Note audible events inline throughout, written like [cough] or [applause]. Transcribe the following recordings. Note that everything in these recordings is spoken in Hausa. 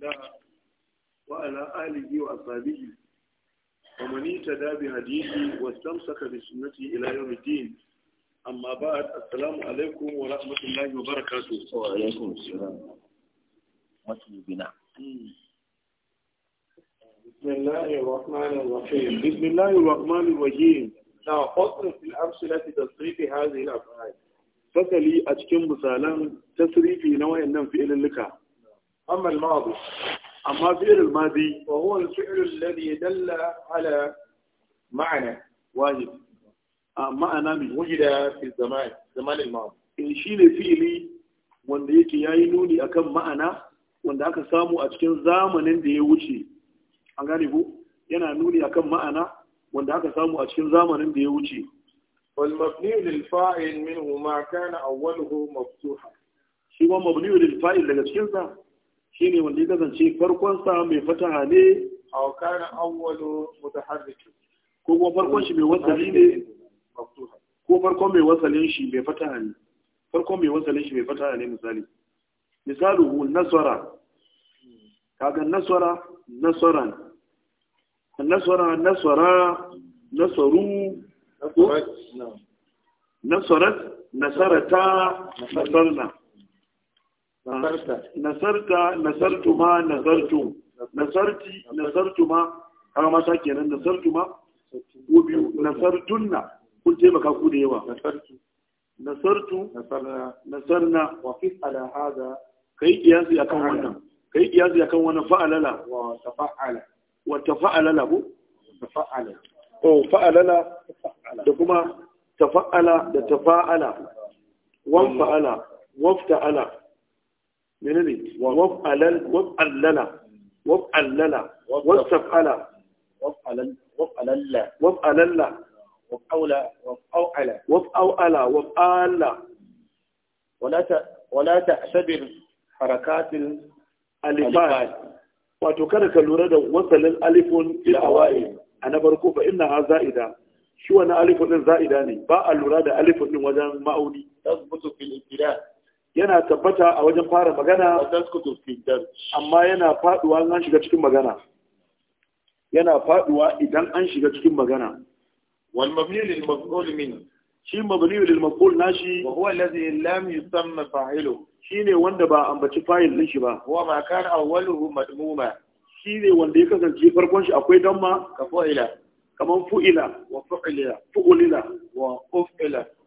da wa'ala alihi wa asabihi wa manita da bi hadisi wa samsaka bi sunnati ila yawmi din amma ba'd assalamu alaikum wa rahmatullahi wa barakatuh wa alaikum assalam matubina بسم الله الرحمن الرحيم بسم الله الرحمن الرحيم لا حصر في الأمثلة تصريف هذه الأفعال فسلي أتكم بسالان تصريفي نوع النم في إلى اللقاء أما الماضي أما فعل الماضي وهو الفعل الذي دل على معنى واجب ma'ana mai wajida fi zamanin ma'am in shi ne fi'ili wanda yake ya yi nuni akan ma'ana wanda aka samu a cikin zamanin da ya wuce gane yana nuni akan ma'ana wanda aka samu a cikin zamanin da ya wuce wal mabni lil fa'il minhu ma kana awwaluhu maftuha shi wa mabni lil fa'il daga cikin sa shine wanda ya kasance farkon sa mai fataha ne a kana awwalu mutaharrik ko kuma farkon shi mai wasali ne ko farkon mai wasalin shi mai fataha ne farkon mai wasalin shi mai fataha ne misali misaluhu nasara kaga nasara nasara nasara nasara nasaru nasarat nasarata nasarna nasarta nasartu ma nasartu nasarti nasartu ma ma sa kenan nasartu ma ko biyu nasartunna kun maka ku da yawa nasartu nasarna wa fi ala hada kai kiyasi akan wannan kai kiyasi akan wannan fa'alala wa tafa'ala wa tafa'alala ko tafa'ala oh fa'alala da kuma tafa'ala da tafa'ala wan fa'ala fa'ala menene waf'alal waf'allala waf'allala wastaf'ala waf'alalla waf'alalla waf'aula waf'aula waf'aula waf'ala wala ta wala ta'sabir harakatil alifat wato kada ka lura da wasalin alifun ila awai a na farko fa inna ha za'ida shi wannan alifun din za'ida ne ba a lura da alifun din wajen ma'auni tasbutu fil ibtida yana tabbata a wajen fara magana amma yana faduwa an shiga cikin magana yana faduwa idan an shiga cikin magana wal mabni lil maf'ul min shi mabni lil maf'ul nashi wa huwa alladhi lam yusamma fa'ilu shine wanda ba ambaci fa'il din shi ba huwa ma kana awwaluhu madmuma shine wanda ya kasance farkon shi akwai damma ka fa'ila kaman fu'ila wa fu'ila fu'ila wa uf'ila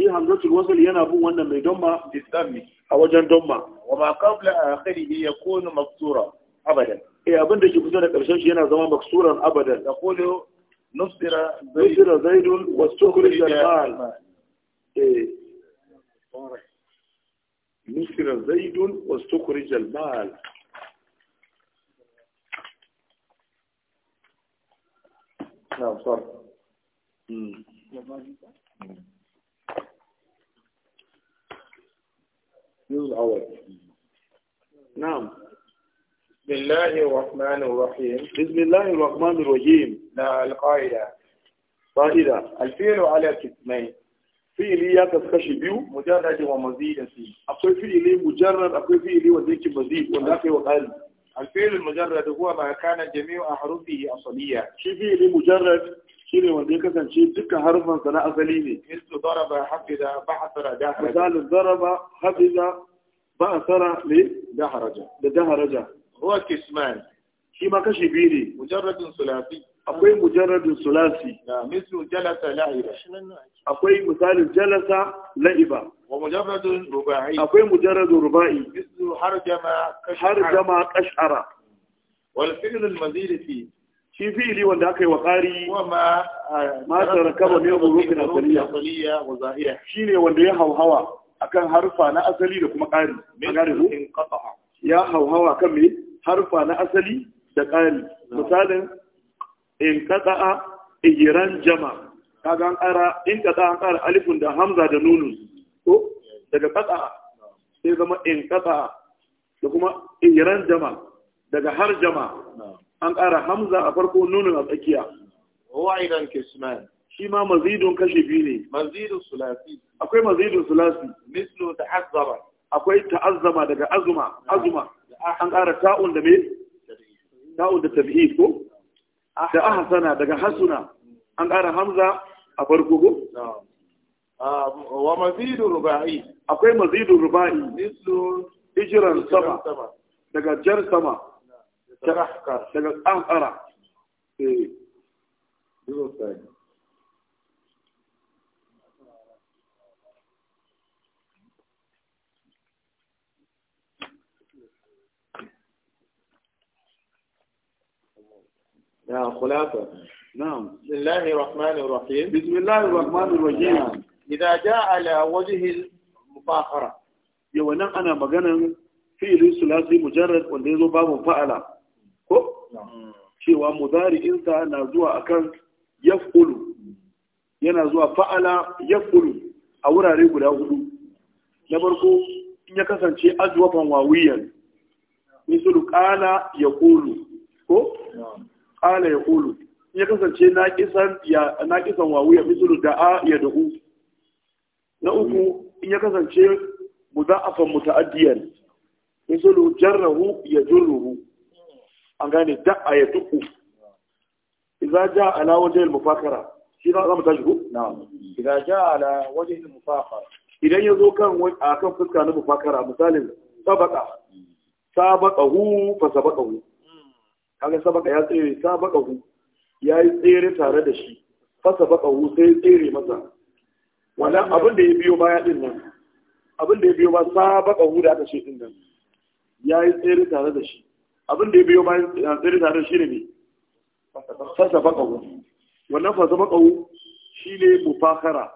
shi hamzatul wasl yana bin wannan mai domma bisammi a wajen domma wa ma qabla akhirihi yakunu maksura abadan eh abin da ke kusa da karshen shi yana zama maksuran abadan yaqulu nusira nusira zaidun wa sukhrij al-mal eh nusira zaidun wa sukhrij al-mal نعم صار juzul awal na'am bismillahir rahmanir rahim bismillahir rahmanir rahim na alqaida fa'ida alfi'lu ya kaskashi biyu mujarrad wa mazid fi akwai fi'ili mujarrad akwai fi'ili wanda yake mazid yi wa qali alfi'lu mujarrad huwa shi ne wanda ya kasance duka harfansa na asali ne. Misu zaraba hafiza ba da ne da Ruwa Shi ma kashi biyu ne. Mujarradin sulasi. Akwai mujarradin sulasi. Na misu jalasa la'iba. Akwai misalin jalasa la'iba. Wa mujarradin ruba'i. Akwai mujarradin ruba'i. Misu harjama kash'ara. kash'ara. Wal fi. shi fi'ili wanda aka yi wa ƙari ma ne wa rufin asaliya shine wanda ya hauhawa akan harfa na asali da kuma ƙari ya hauhawa kan me harfa na asali da ƙari misalin in a igiran jama kaga an ƙara in qata'a an ƙara alifun da hamza da nunu ko daga qata'a sai zama in qata'a da kuma igiran jama daga har jama an ƙara hamza a farko nunin a tsakiya wa idan shi ma mazidun kashe biyu ne mazidun sulasi akwai mazidun sulasi mislu da azzama akwai ta'azzama daga azuma azuma an ƙara ta'un da me ta'un da tabi'i ko da ahsana daga hasuna an ƙara hamza a farko ko wa mazidun ruba'i akwai mazidun ruba'i mislu hijran sama daga jar sama يا سجل أم أرى نعم خلاصة نعم بسم الله الرحمن الرحيم بسم الله الرحمن الرحيم إذا جاء على وجه المفاخرة يوانا أنا مجانا في ثلاثي مجرد وانده باب فعلا cewa mudari'insa na zuwa akan yaf'ulu yana zuwa fa'ala yaf'ulu a wurare guda hudu na farko in ya kasance azwafan wawiyan misalu qala yaqulu ko qala yaqulu in ya kasance naqisan ya naqisan wawiyan misalu da'a ya da'u na uku in ya kasance mudha'afan muta'addiyan misalu jarrahu yajurruhu an gane a ya tuku idza ja ala waje mufakara shi za mu tashi ko na'am idza ja ala waje mufakara idan yazo kan akan fuska na mufakara misalin sabaka hu fa hu kaga sabaka ya tsere sabaqahu yayi tsere tare da shi fa hu sai tsere masa wannan abin da ya biyo baya din nan abin da ya biyo ba hu da aka ce din nan yayi tsere tare da shi abin da ya biyo bayan tsiri tare shi ne ne falsafa ƙahu wannan falsafa ƙahu shi ne mufakara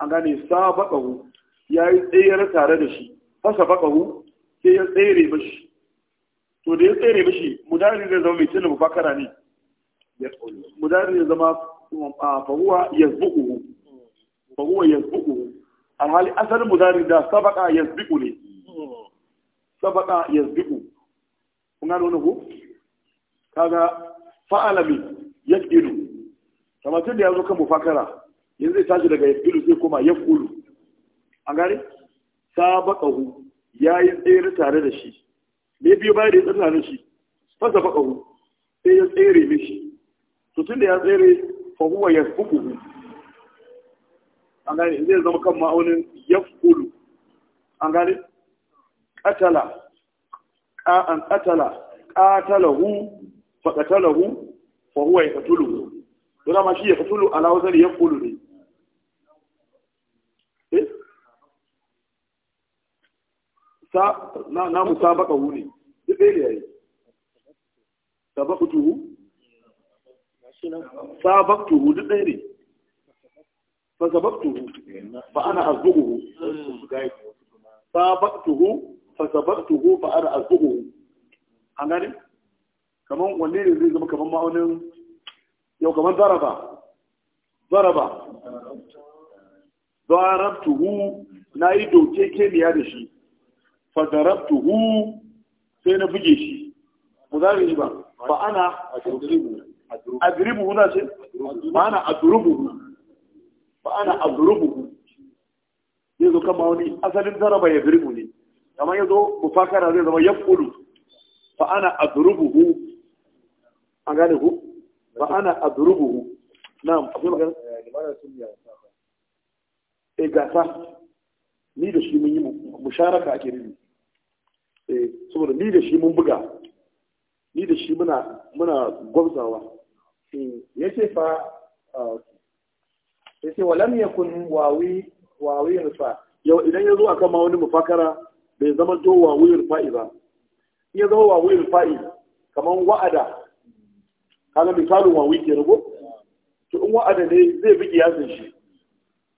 an gane saba ƙahu ya yi tsayar tare da shi falsafa ƙahu sai ya tsere mashi to da ya tsere mashi mudari zai zama mai cin mufakara ne mudari zai zama fahuwa zuku fahuwa zuku alhali asalin mudari da sabaka zuku ne sabaka zuku kuna gano wani ko kaga fa'alami yaqilu kamar tun da ya zo kan mufakara yanzu zai tashi daga yaqilu sai koma yaqulu an gane sabaqahu yayi tsere tare da shi me biyo bai da tsere tare da shi fasa faqahu sai ya tsere mishi to tun da ya tsere fa huwa yasbuquhu an gane zai zama kan ma'aunin yaqulu an gane katala an qatala qatalahu fa qatalahu fa huwa yaqtulu dora ma shi yaqtulu ala ya yaqulu ne Eh! na na musabaka hu ne duk dai yayi sabaqtuhu sabaqtuhu duk dai ne fa sabaqtuhu fa ana azbuhu hmm. sabaqtuhu fasabaqtuhu fa ar'azuhu an gane kaman wanne ne zai zama kaman ma'aunin yau kaman zaraba zaraba zarabtuhu na yi doke kemiya da shi fa sai na buge shi mu zaɓe shi ba ba ana adribuhu na ce ba ana adribuhu ba ana adribuhu zai zo kama wani asalin zaraba ya ne kamar zo mufakara zai zama yaqulu fa ana adrubuhu an gane ku fa ana adrubuhu na'am akwai magana eh gasa ni da shi mun yi musharaka ake nufi eh saboda ni da shi mun buga ni da shi muna muna gwamzawa eh, yace fa ah, ce walam yakun wawi wawi rufa yau idan ya zo akan ma wani mufakara bai zama to wa wuyar fa'i ba in zama wa wuyar fa'i kaman wa'ada kaga misalin wa wuyi ke rubo to in wa'ada ne zai bi kiyasin shi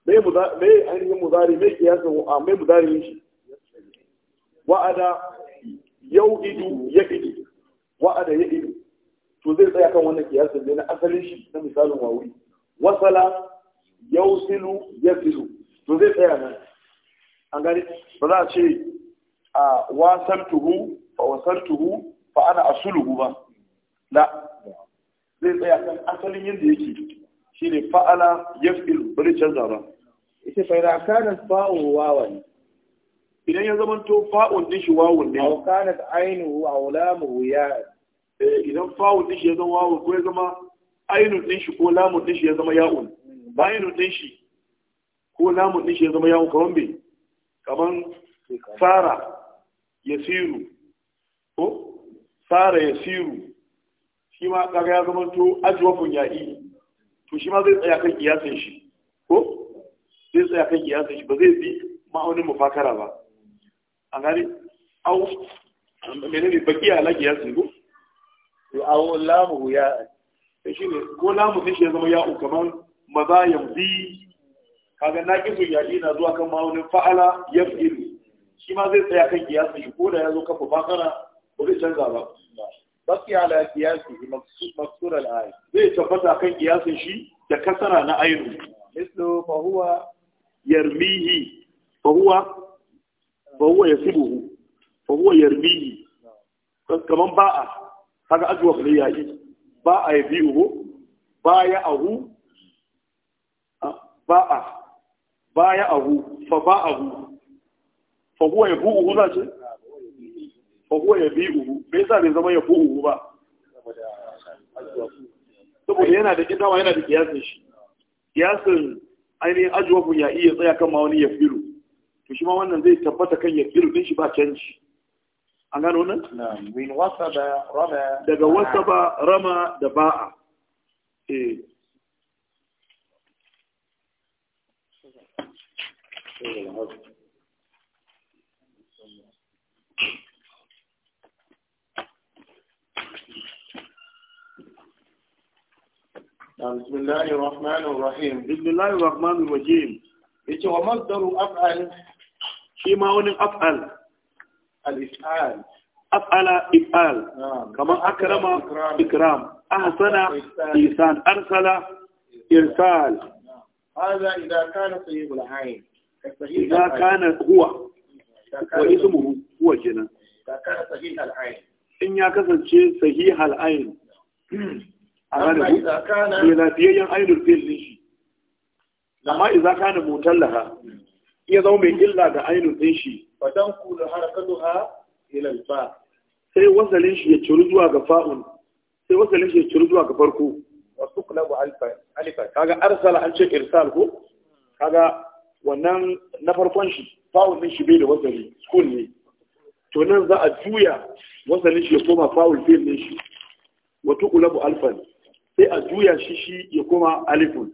mai ainihin muzari mai kiyasin a mai muzarin shi wa'ada yau idu ya idu wa'ada ya idu to zai tsaya kan wannan kiyasin ne na asalin shi na misalin wuyi. wasala yau silu ya silu to zai tsaya nan an gani ba za a ce a wasantuhu fa wasantuhu fa ana asuluhu ba la zai tsaya kan asalin yadda yake shine fa'ala yaf'il bari canza ba ita fa idan kana fa'un wawan idan ya zama to fa'un din shi wawun ne aw kana ainu aw lamu ya eh, idan fa'un din shi ya zama wawan, ko ya zama ainu din shi ko lamu din shi ya zama ya'un ainu din shi ko lamu din shi ya zama ya'un kamar me kamar fara yasiru ko sara yasiru shi ma kaga ya zama to ajwafun ya'i to shi ma zai tsaya kan kiyasan shi ko zai tsaya kan kiyasan shi ba zai bi ma'aunin mufakara ba an gani au menene baki ala kiyasin ko to au lamu ya sai shi ne ko lamu sai shi ya zama ya'u kaman maza yamzi kaga naqisu ya'i na zuwa kan ma'aunin fa'ala yaf'ilu shi ma zai tsaya kan kiyasi shi ko da ya zo kafa bakara ko zai canza ba baki ala kiyasi maksur al ayi zai tabbata kan kiyasi shi da kasara na ainu mislu fa huwa yarmihi fa huwa fa huwa yasibuhu fa huwa yarmihi kaman ba'a kaga ajwa ne yayi ba'a yabihu baya ahu ah, ba'a baya ahu fa ba'ahu fahuwa ya bu'uhu za ce? fahuwa ya uhu? bai sa bai zama ya uhu ba saboda yana da kitawa yana da kiyasin shi kiyasin ainihin ajuwafu ya iya tsaya kan ma wani ya firu to shi ma wannan zai tabbata kan ya firu din shi ba canji an gano nan? daga wasa ba rama da ba'a Thank eh. you. نعم، بسم الله الرحمن الرحيم بسم الله الرحمن الرحيم yace wa masdaru أفعل shi ma wani af'al al-if'al af'ala if'al kamar akrama هذا إذا كان صحيح العين إذا كان هو واسمه هو جنا إذا كان صحيح العين إن يكسر شيء صحيح العين [clears throat] a gane ku lafiyayyen ainihin fil din shi amma idza kana mutallaha iya zama mai illa ga ainihin din shi fadan ku da harakatuha ila alfa sai wasalin shi ya ciru zuwa ga fa'un sai wasalin shi ya ciru zuwa ga farko wasu kulabu alfa alifa kaga arsala an ce irsal ko kaga wannan na farkon shi fa'un din shi bai da wasali school ne to nan za a juya wasalin shi ya koma fa'ul fil din shi wa tuqlabu alfan sai a juya shi shi ya kuma alifun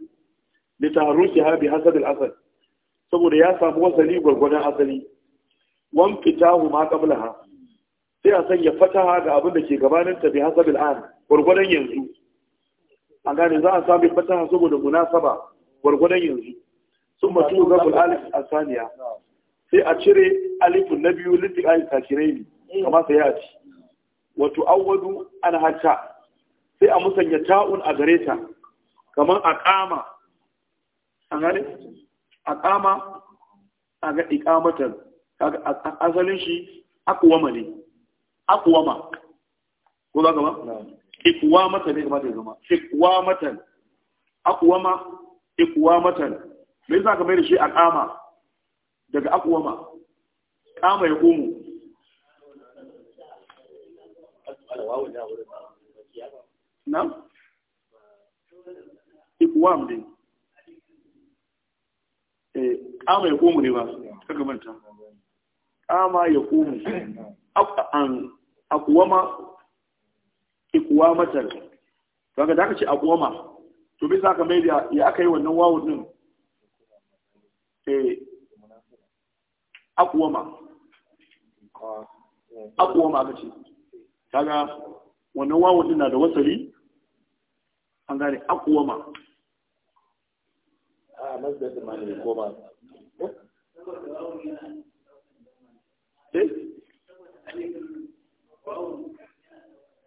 da taharun ki habi hasad al saboda ya samu wasali gwargwadon asali wan fitahu ma ha sai a sanya fataha ga abin da ke gabanin ta bi hasabin an gwargwadon yanzu A gane za a sami fataha saboda saba gwargwadon yanzu sun matu zabul alif Saniya. sai a cire alifun na biyu littiƙa takirai ne kamar sai ya ci wato awwadu ana hatta sai a musanya ta'un a gare ta kamar a kama a gare a ga ikamatar asalin shi akuwama ne aqwama ko ba gaba iqwamata ne kamar da zama iqwamatan akuwama ikuwamatan me yasa ka mai da shi kama daga akuwama kama ya komo. Na'am? Ikwam din. Eh, kama ya komu ne ba, kaga manta. Kama ya komu. An akwama ikwamatar. Kaga da ka ce akwama. To bai saka mai da ya aka yi wannan wawu din. Eh, akwama. Akwama ka ce. Kaga wannan wawu din na da wasali an gane ma. a masdar da ne koma eh?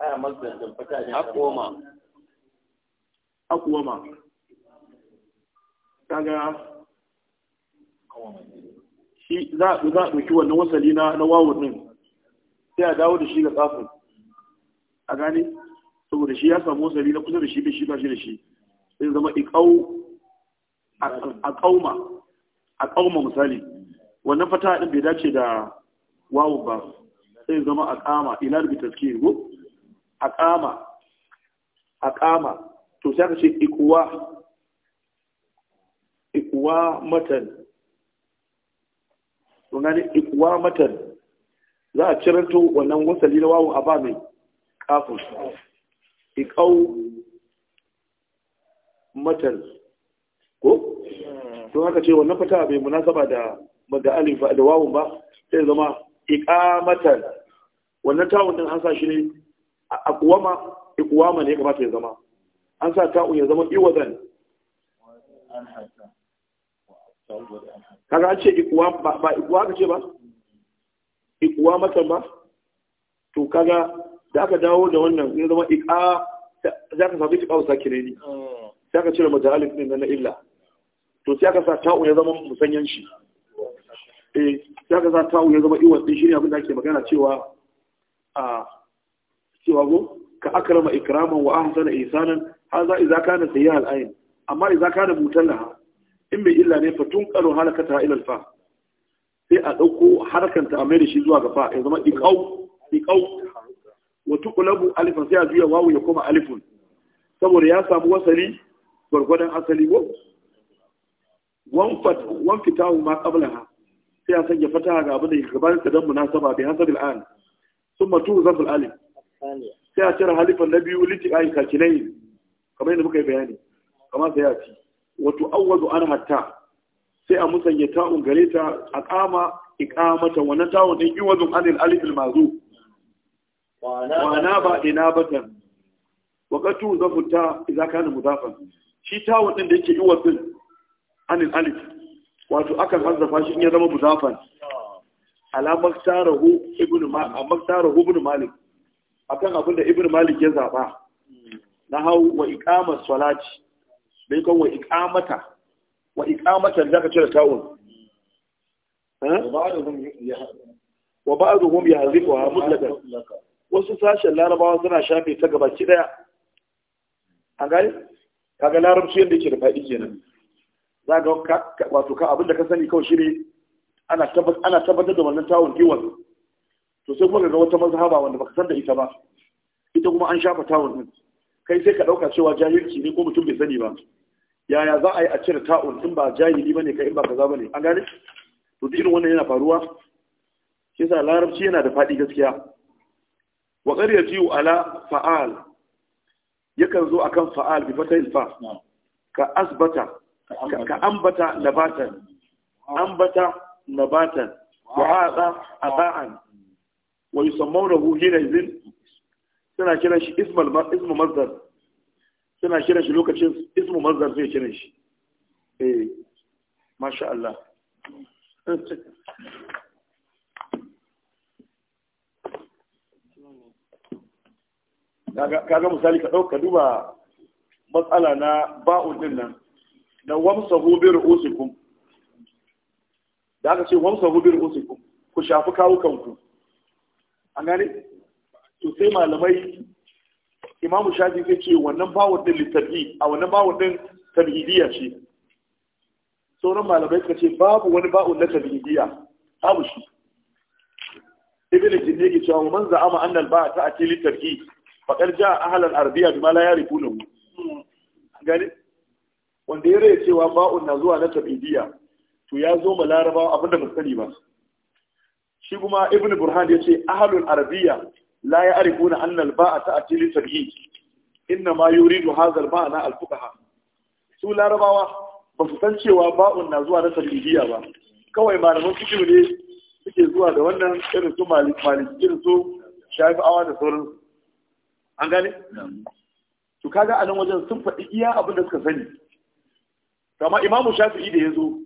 a masdar da fata ne akwama akwama kaga shi za a ɗauki wannan wasali na wawon ɗin sai a dawo da shi ga tsafin a gane saboda shi ya samu wasali na kusa da shi bai shi ba shi da shi sai zama iqau a qauma a qauma misali wannan fata ɗin bai dace da wawu ba sai zama a ƙama ila bi suke go a ƙama a qama to sai ka ce iƙuwa iqwa matan to gani iqwa matan za a ciranto wannan wasali na wawu a ba mai kafin iqau matal ko to haka ce wannan fata bai munasaba da da alif da wawun ba sai zama iqamatan wannan tawun din an sa shi ne aqwama iqwama ne kamata ya zama an sa ta'un ya zama iwadan kaga an ce iqwa ba iqwama ce ba iqwama matan ba to kaga da aka dawo da wannan ya zama iqa za ka samu iqa kire ne sai aka cire mata alif din na illa to sai aka sa ta'u ya zama musanyan shi eh sai aka sa ta'u ya zama iwan din shi ne abin da ake magana cewa a cewa go ka akrama ikraman wa ahsana ihsanan haza idza kana sayyi'al ayn amma idza kana mutallaha in bai illa ne fatun qalu halakata ila fa. sai a dauko harkanta a mai da shi zuwa ga fa ya zama iqau iqau wa tuqlabu alifan sai a juya wawu ya koma alifun saboda ya samu wasali gwargwadon asali ko wanfat wanfitahu ma qablaha sai a sanya fataha ga abin da ke gabanin ta dan munasaba bi hasabil an thumma tuzaf al alif sai a cire halifan na biyu litiqai kakinai kamar yadda muka bayani kamar sai ya ci wa tu'awwadu an hatta sai a musanya ta'un gare ta a kama iqamata wannan ta'un din iwazun anil alif al mazu wana ba ina batan wakatu zafuta idza kana mudafan shi tawun wadin da yake yi wasin anil alif wato akan hazzafa shi in ya zama mudafan ala maktarahu ibn maktarahu ibn malik akan abin da ibn malik ya zaba na hau wa iqamat salati bai kan wa iqamata wa iqamata da ka cire tawun wa ba'dhum zikwa mutlaqan wasu sashen larabawa suna shafe ta gaba ki daya an gani kaga larabci yadda yake da faɗi kenan za ga wato ka abinda ka sani kawai shine ana tabbatar da wannan tawon giwan to sai kuma ga wata mazhaba wanda baka san da ita ba ita kuma an shafa tawon din kai sai ka dauka cewa jahilci ne ko mutum bai sani ba yaya za a yi a cire ta'un in ba jahili bane kai in ba kaza bane an gane to duk irin wannan yana faruwa shi yasa larabci yana da faɗi gaskiya wa qad ji ala fa'al yakan zo akan fa'al bi fatahil fa ka asbata ka ambata nabatan ambata nabatan wa hada aba'an wa yusammunahu hina idhin suna kiran shi ismal ismu mazdar suna kiran shi lokacin ismu mazdar zai kiran shi eh masha Allah kaga misali ka ɗauka duba matsala na ba'udin din nan na wamsa hubir usikum da aka ce wamsa hubir usikum ku shafi kawo kanku an gane to sai malamai imamu shafi zai ce wannan ba'udin din littafi a wannan ba'udin din tabhidiyya ce sauran malamai suka ce babu wani ba'un na tabhidiyya babu shi ibn jinni ke cewa man za'ama anna al-ba'a ta'ati li tarkib Faɗar ja ahalar arbiya bi mala ya yarifu lahu gani wanda ya rai cewa ba'un na zuwa na tabidiya to ya zo ma larabawa abin da sani ba shi kuma ibn burhan ya ce ahalul Arbiya la ya arifu na annal ba'a ta atili tabi'i inna ma yuridu hazal ma'ana na alfuqaha su larabawa ba su san cewa ba'un na zuwa na tabidiya ba kawai malaman fiqh ne suke zuwa da wannan irin su malik malik irin su shafi'awa da sauransu an gane to kaga a nan wajen sun faɗi iya abin da suka sani kama imamu shafi'i da ya zo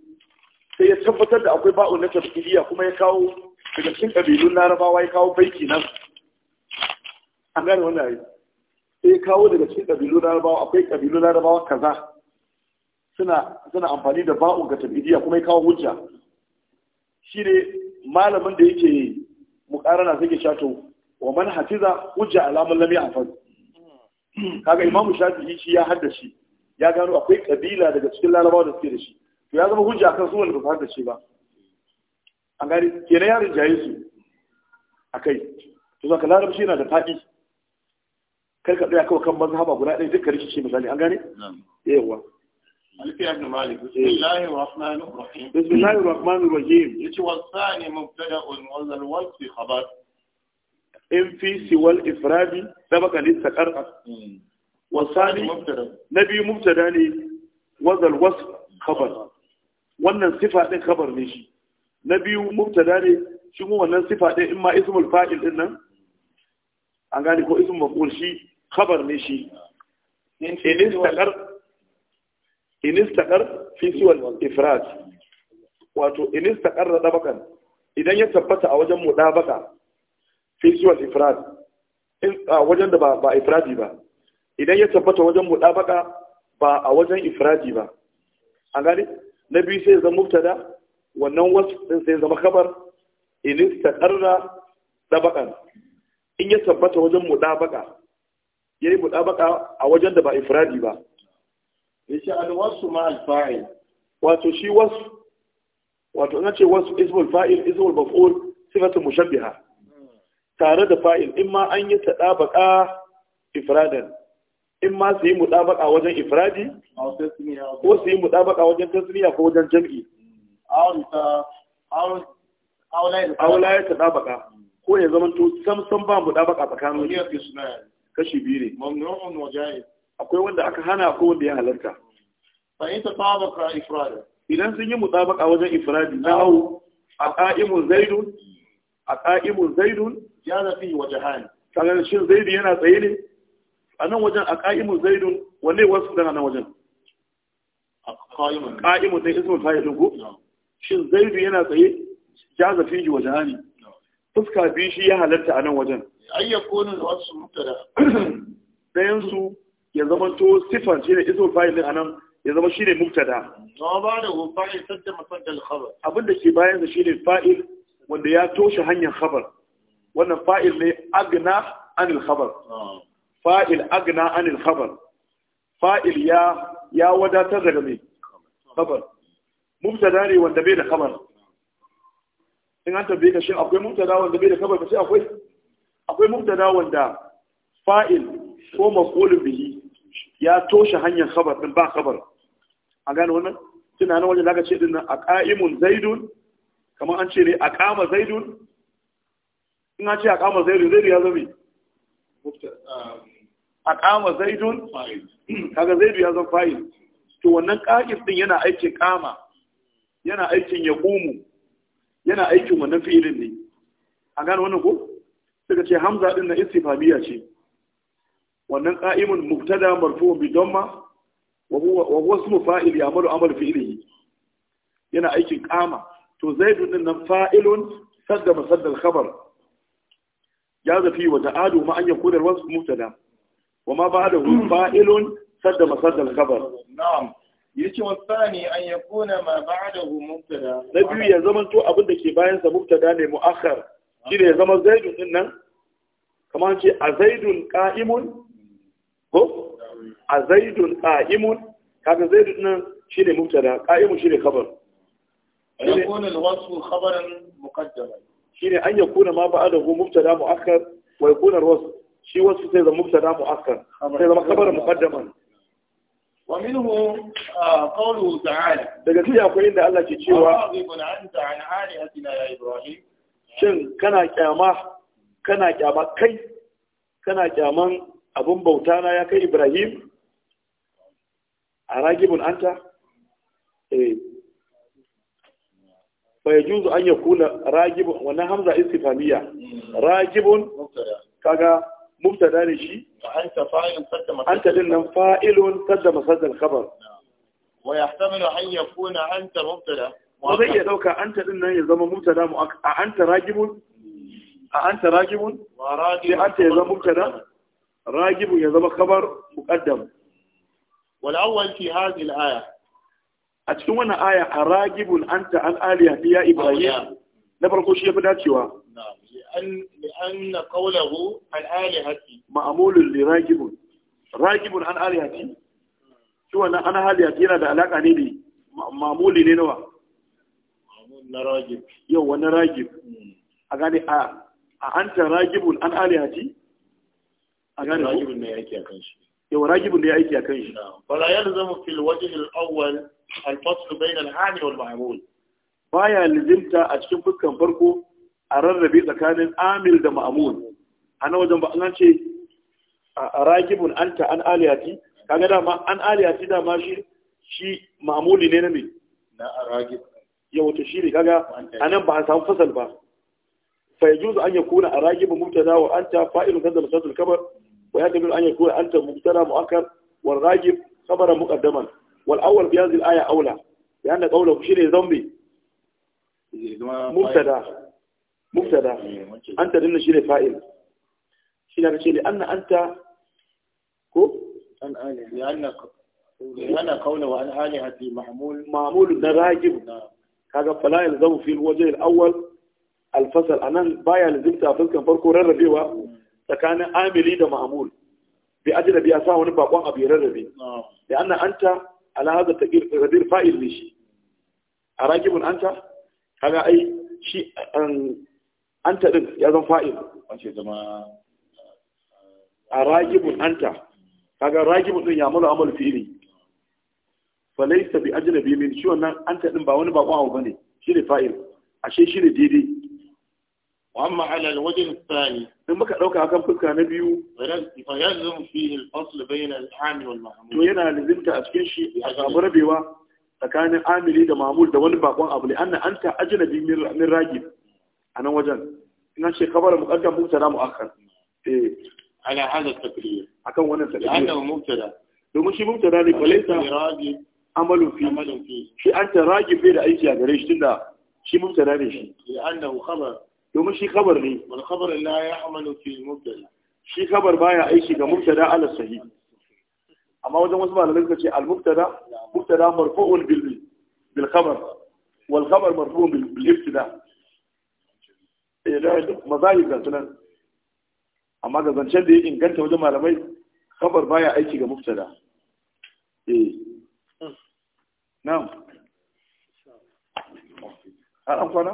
sai ya tabbatar da akwai ba'u na tafkiliya kuma ya kawo daga cikin ƙabilun larabawa ya kawo baiki nan an gane wannan yi? sai ya kawo daga cikin ƙabilun larabawa akwai ƙabilun larabawa kaza suna suna amfani da ba'u ga tafkiliya kuma ya kawo hujja Shi ne malamin da yake mukarana sai ke shato wa man hatiza hujja alamun lam ya'fal kaga imam shafi'i shi ya haddace ya gano akwai kabila daga cikin larabawa da suke da shi to ya zama hujja akan su wanda ba su haddace ba an gani kenan ya rinjaye su akai to zaka larabci yana da fadi kar ka tsaya kawai kan mazhaba guda ɗaya duka rikici misali an gane yawa بسم الله الرحمن الرحيم بسم الله الرحمن الرحيم يتوى الثاني مبتدأ والوصف خبر in fi siwal ifradi sabaka listaqar hmm. wasani na biyu mubtada ne wazal wasf khabar wannan sifa din khabar ne shi na biyu mubtada ne shi kuma wannan sifa din in ma ismul fa'il din nan an gane ko ismul maf'ul shi khabar ne shi in istaqar in istaqar fi siwal ifrad wato in istaqarra dabakan idan ya tabbata a wajen mudabaka fi zuwa ifrad wajen da ba ifradi ba idan ya tabbata wajen mudabaka ba a wajen ifradi ba a gani na biyu sai zama mubtada wannan wasu din sai zama kabar in istaqarra dabaqan in ya tabbata wajen mudabaka yayi mudabaka a wajen da ba ifradi ba yace wasu ma alfa'il wato shi wasu wato ina ce wasu ismul fa'il ismul maf'ul sifatu mushabbiha tare da fa'il in ma an yi ta ɗabaƙa ifradin in ma su yi mu ɗabaƙa wajen ifradi ko su yi mu ɗabaƙa wajen tasiriya ko wajen jam'i wula ya ta ɗabaƙa ko ya zama to samsan ba mu ɗabaƙa tsakanin kashi biyu ne akwai wanda aka hana ko wanda ya halarta idan sun yi mu ɗabaƙa wajen ifradi na hau a ƙa'imun zaidun a ƙa'imun zaidun ya zafi waje jihani kaga shi zaidi yana tsaye ne a nan wajen a ƙa'imun zaidun wanne wasu dan nan wajen ƙa'imun zai ismul fa'ilun ko shin zaidu yana tsaye ya zafi waje jihani fuska biyu shi ya halatta a nan wajen ayyakonin wasu mutada [clears throat] dayan su ya zama to sifan shi ne ismul fa'ilun a nan ya zama shi ne muktada abin da ke bayan shi ne fa'il wanda ya toshe hanyar khabar wannan fa'il ne agna anil khabar fa'il agna anil khabar fa'il ya ya wadatar daga mai khabar mubtada ne wanda bai da khabar in an tambaye ka shin akwai mubtada wanda bai da khabar ka sai akwai akwai mubtada wanda fa'il ko maf'ul bihi ya toshe hanyar khabar din ba khabar a gane wannan tunanin wajen zaka ce din a qa'imun zaidun kamar an ce ne a kama zaidun in an ce a kama zaidun zaidu ya zama um, a kama zaidun kaga zaidu ya zama fa'il to wannan ƙa'is din yana aikin kama yana aikin ya ƙumu yana aikin wannan fi'ilin ne a gane wannan ko suka ce hamza din na istifamiya ce wannan ƙa'imun Muktada, marfu'un bi damma wa huwa wa huwa fa'il ya ya'malu amal fi'lihi yana aikin kama to zai din nan fa'ilun sadda masaddal khabar ya zafi wa ta'adu ma an yakuna wasu mubtada wa ma ba'dahu [clears throat] fa'ilun sadda masaddal khabar na'am yace wasani an yakuna ma ba'dahu mubtada na biyu ya zama to abin da ke bayan sa mubtada ne mu'akhkhar shine ya zama zai din nan kamar ce a zaidun qa'imun ko a zaidun qa'imun kaga zaidun nan shine mubtada qa'imun shine khabar يكون الوصف خبرا مقدما شيء أن يكون ما بعده مبتدا مؤخر ويكون الوصف شيء وصف سيدا مبتدا مؤخر سيدا خبرا مقدما ومنه قوله تعالى daga cikin akwai inda Allah a cewa shin kana kyama kana kyama kai kana kyaman abin bauta na ya kai Ibrahim a ragibun anta eh fa yajuzu an kuna ragibun wannan hamza istifamiya ragibun kaga mubtada ne shi anta fa'ilun qaddama anta din nan fa'ilun qaddama sadal khabar wa yahtamilu an yakuna anta mubtada wa zai ya dauka anta din nan ya zama mubtada mu a anta ragibun a anta ragibun sai anta ya zama mubtada ragibun ya zama khabar muqaddam wal awwal fi hadhihi al-aya a cikin wannan aya a ragibun an ta'al aliyah ya ibrahim na farko shi ya fi dacewa ma'amulun ne ragibun ragibun an aliyah ne shi an aliyah yana da alaƙa ne ne ma'amuli ne nawa yau wani ragib hmm. a gane a an ta ragibun an aliyah a gane ragibun yawa ragibin da ya aiki a kan shi wala yalzamu fil wajh al awwal al fasl bayn al hani wal ma'mul baya lazimta a cikin fuskan farko a rarrabe tsakanin amil da Ma'amul. A ana wajen ba an ce a ragibun anta an aliyati kaga dama an aliyati dama shi shi ma'muli ne na me na ragib yawa to shi ne kaga nan ba a samu fasal ba fa yajuzu an yakuna a ragibin mubtada wa anta fa'ilun kadha masatul kabar ويجب أن يكون أنت مبتدا مؤكد والراجب خبرا مقدما والأول في هذه الآية أولى لأن قوله شيء ذنبي مبتدا مبتدا أنت لأن شيء فائل شيء لأن أنت كو لأن لأن قوله عن آلهتي محمول معمول راجب هذا نعم. فلا يلزم في الوجه الأول الفصل أنا بايع لزمت baya lazimta a fuskan tsakanin amili da ma'amul bi ajira a sa wani bakon abu ya rarrabe da annan anta ala hadha ta radir fa'il ne shi a ragibun anta kaga ai shi anta din ya zan fa'il wace zama a ragibun anta kaga ragibun din ya mulu amal fi'ili falaisa bi ajnabi min shi wannan anta din ba wani bakon abu bane shi ne fa'il ashe shi ne daidai واما على الوجه الثاني ثم بك دوكا كان فكا na biyu ran fa yazum fi al fasl bayna al amil wal to yana lazimta a cikin shi a gabar bewa tsakanin amili da mahmul da wani bakon abu ne anna anta ajnabi min ragi anan wajen ina ce khabar muqaddam bu salamu akhar eh. hada takrir akan wannan takrir anna domin shi mubtada ne balaita ragi amalu fi amalu fi shi anta da aiki a gare shi shi mubtada ne shi domin shi kabar ne wal khabar la ya'malu fi mubtada shi kabar baya aiki ga mubtada ala sahih amma wajen wasu malamai suka ce al mubtada mubtada marfu'un bil bil khabar wal khabar marfu'un bil ibtida eh da mazahib da sunan amma ga zancen da ya inganta wajen malamai khabar baya aiki ga mubtada eh na'am har an kwana